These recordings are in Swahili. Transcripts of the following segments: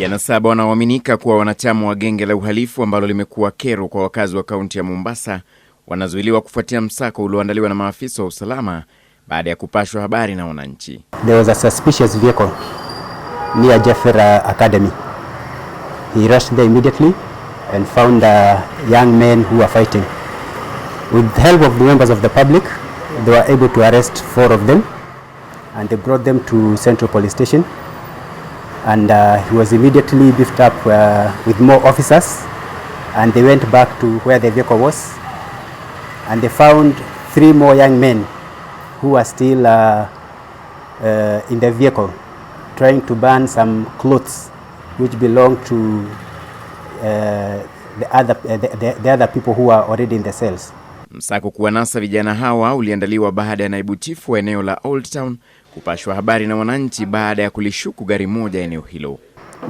Vijana saba wanaoaminika kuwa wanachama wa genge la uhalifu ambalo limekuwa kero kwa wakazi wa kaunti ya Mombasa wanazuiliwa kufuatia msako ulioandaliwa na maafisa wa usalama baada ya kupashwa habari na wananchi. There was a suspicious vehicle near Academy. He rushed there immediately and found a young who were fighting. With the help of the members of the public, they were able to arrest four of them and they brought them to Central Police Station and uh, he was immediately beefed up uh, with more officers and they went back to where the vehicle was and they found three more young men who were still uh, uh, in the vehicle trying to burn some clothes which belonged to uh, the, other, uh, the, the, the other people who were already in the cells. Msako kuwanasa vijana hawa uliandaliwa baada ya naibu chifu wa eneo la Old Town kupashwa habari na wananchi baada ya kulishuku gari moja eneo hilo.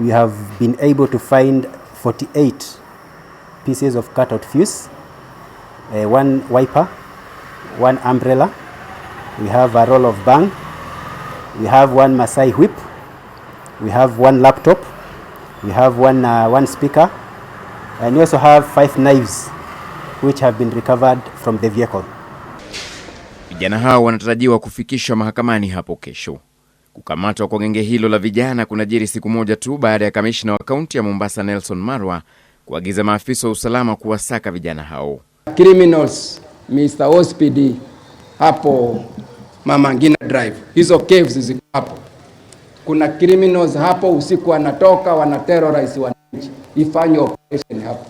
We have been able to find 48 pieces of cut out fuse, uh, one wiper, one umbrella, we have a roll of bang, we have one Masai whip, we have one laptop, we have one, uh, one speaker and we also have five knives which have been recovered from the vehicle. Vijana hao wanatarajiwa kufikishwa mahakamani hapo kesho. Kukamatwa kwa genge hilo la vijana kunajiri siku moja tu baada ya kamishna wa kaunti ya Mombasa Nelson Marwa kuagiza maafisa wa usalama kuwasaka vijana hao criminals Mr. OSPD hapo Mama Ngina Drive, hizo caves ziko hapo. Kuna criminals hapo usiku wanatoka wana terrorize wananchi, ifanye operation hapo,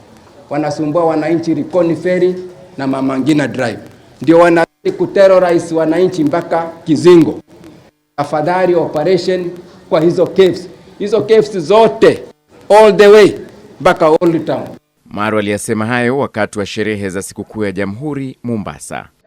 wanasumbua wananchi Likoni Ferry na Mama Ngina Drive, ndio wana kuterrorize wananchi mpaka kizingo. Afadhali operation kwa hizo caves, hizo caves zote all the way mpaka Old Town. Maro aliyasema hayo wakati wa sherehe za sikukuu ya Jamhuri Mombasa.